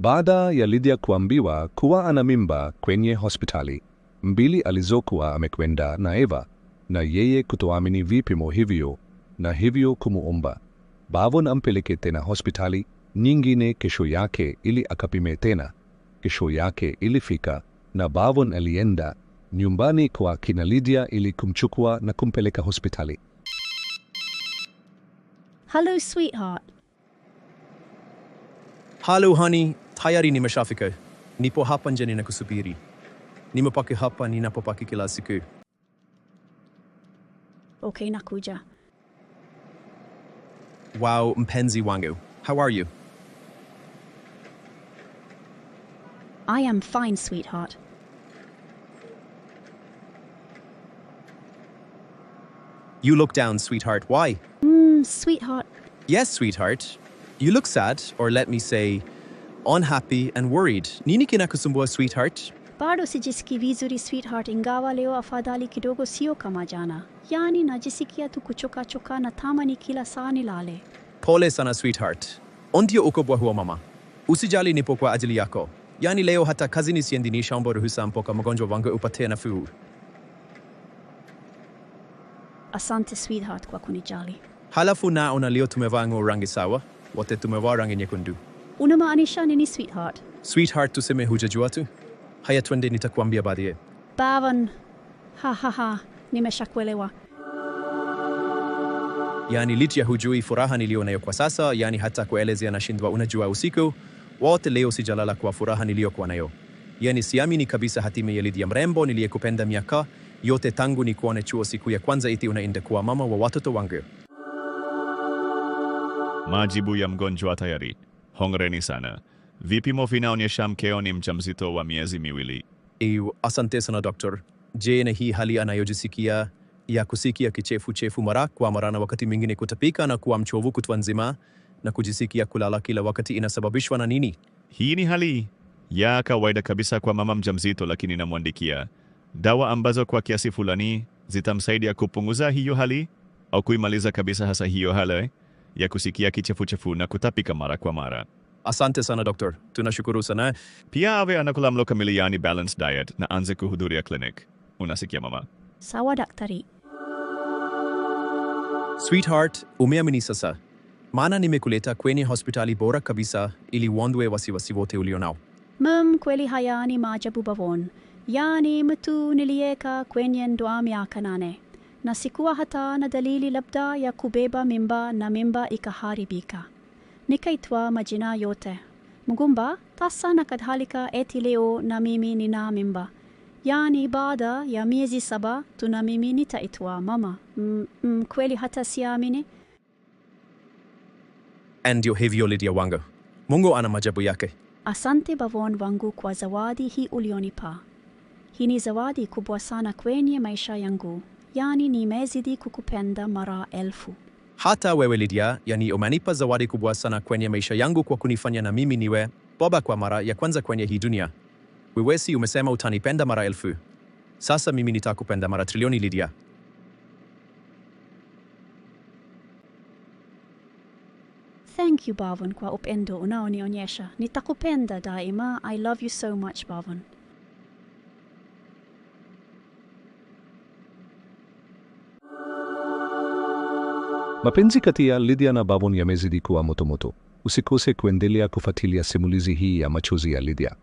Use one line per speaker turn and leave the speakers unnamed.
baada ya Lydia kuambiwa kuwa ana mimba kwenye hospitali mbili alizokuwa amekwenda na Eva, na yeye kutoamini vipimo hivyo na hivyo kumuomba Bavon ampeleke tena hospitali nyingine kesho yake ili akapime tena. Kesho yake ilifika na Bavon alienda nyumbani kwa kina Lydia ili kumchukua na kumpeleka hospitali.
Hello sweetheart.
Hello honey. Tayari nimeshafika, nipo hapa nje ninakusubiri. Nimepaki hapa ninapopaki kila siku.
Okay, nakuja.
Wow, mpenzi wangu, how are you?
I am fine, sweetheart.
You look down, sweetheart. Why?
Mm, sweetheart.
Yes, sweetheart. You look sad, or let me say, unhappy and worried. Nini kina kusumbua sweetheart?
bado sijisikii vizuri sweetheart, ingawa leo afadhali kidogo, sio kama jana. Yaani najisikia tu kuchoka choka na tamani kila saa nilale.
Pole sana sweetheart, ondio ukubwa huo mama. Usijali, nipo kwa ajili yako. Yaani leo hata kazini siendi, ni shamba ruhusa mpoka mgonjwa wangu upate nafuu.
Asante sweetheart kwa kunijali.
Halafu naona leo tumevaa nguo rangi sawa, wote tumevaa rangi nyekundu.
Unamaanisha nini sweetheart?
Sweetheart tuseme hujajua tu. Haya, twende, nitakuambia baadaye.
Bavan. Ha ha ha, nimeshakuelewa.
Yani licha hujui furaha niliyo nayo kwa sasa, yani hata kuelezea nashindwa. Unajua, usiku wote leo sijalala kwa furaha niliyokuwa nayo. Yani siamini kabisa lidi Lydia mrembo niliyekupenda miaka yote tangu ni kuwane chuo siku ya kwanza iti unaenda kuwa mama wa watoto wangu.
Majibu ya mgonjwa tayari hongereni sana. Vipimo vinaonyesha mkeo ni mjamzito wa miezi miwili.
Iu, asante sana doktor. Je, na hii hali anayojisikia ya kusikia kichefuchefu mara kwa mara na wakati mwingine kutapika na kuwa mchovu kutwa nzima na kujisikia kulala kila wakati inasababishwa na nini?
Hii ni hali ya kawaida kabisa kwa mama mjamzito, lakini namwandikia dawa ambazo kwa kiasi fulani zitamsaidia kupunguza hiyo hali au kuimaliza kabisa hasa hiyo hali. Eh? ya kusikia kichefuchefu na kutapika mara kwa mara.
Asante sana doktor, tunashukuru sana.
Pia awe anakula mlo kamili, yani balanced diet, na anze kuhudhuria clinic. Unasikia mama?
Sawa daktari.
Sweetheart, umeamini sasa, maana nimekuleta kwenye hospitali bora kabisa ili uondoe wasiwasi wote ulionao.
Mum, kweli haya ni maajabu bavon, yaani mtu niliyeka kwenye ndoa miaka nane na sikuwa hata na dalili labda ya kubeba mimba na mimba ikaharibika. Nikaitwa majina yote, mgumba, tasa na kadhalika. Eti leo na mimi nina mimba, yaani baada ya miezi saba tuna mimi nitaitwa mama. Mm, mm, kweli hata siamini.
Ndio hivyo Lydia wangu, Mungu ana majabu yake.
Asante bavon wangu kwa zawadi hii ulionipa. Hii ni zawadi kubwa sana kwenye maisha yangu yani nimezidi kukupenda mara elfu.
Hata wewe Lydia, yani umenipa zawadi kubwa sana kwenye maisha yangu kwa kunifanya na mimi niwe baba kwa mara ya kwanza kwenye hii dunia. Wewe si umesema utanipenda mara elfu? Sasa mimi nitakupenda mara trilioni, Lydia.
Thank you Bhavon kwa upendo unaonionyesha. Nitakupenda daima. I love you so much Bhavon.
Mapenzi kati ya Lydia na Bavon yamezidi kuwa motomoto. Usikose kuendelea kufuatilia simulizi hii ya machozi ya Lydia.